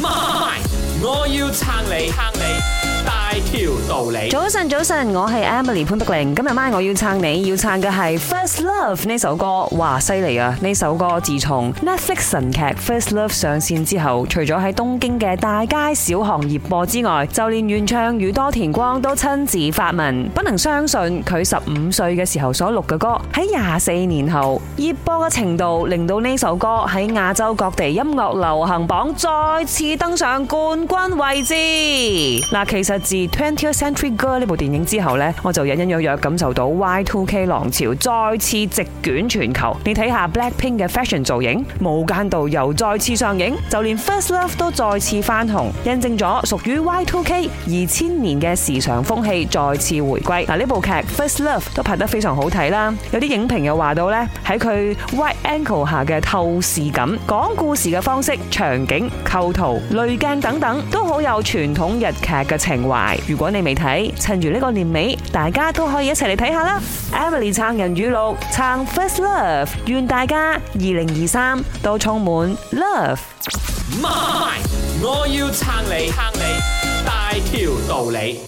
My，我要撐你。撐你。大條道理，早晨早晨，我係 Emily 潘德玲。今日晚我要撐你，要撐嘅係 First Love 呢首歌。哇，犀利啊！呢首歌自從 Netflix 神劇 First Love 上線之後，除咗喺東京嘅大街小巷熱播之外，就連原唱宇多田光都親自發文，不能相信佢十五歲嘅時候所錄嘅歌。喺廿四年後，熱播嘅程度令到呢首歌喺亞洲各地音樂流行榜再次登上冠軍位置。嗱，其實。自《Twentieth Century Girl》呢部電影之後咧，我就隱隱約約感受到 Y2K 浪潮再次席捲全球。你睇下 Blackpink 嘅 fashion 造型，無間道又再次上映，就連《First Love》都再次翻紅，印證咗屬於 Y2K 二千年嘅時尚風氣再次回歸。嗱，呢部劇《First Love》都拍得非常好睇啦，有啲影評又話到咧，喺佢 white angle 下嘅透視感、講故事嘅方式、場景構圖、濾鏡等等，都好有傳統日劇嘅情。如果你未睇，趁住呢個年尾，大家都可以一齊嚟睇下啦。Emily 撐人語錄，撐 First Love，願大家二零二三都充滿 Love。MY，我要撐你，撐你大條道理。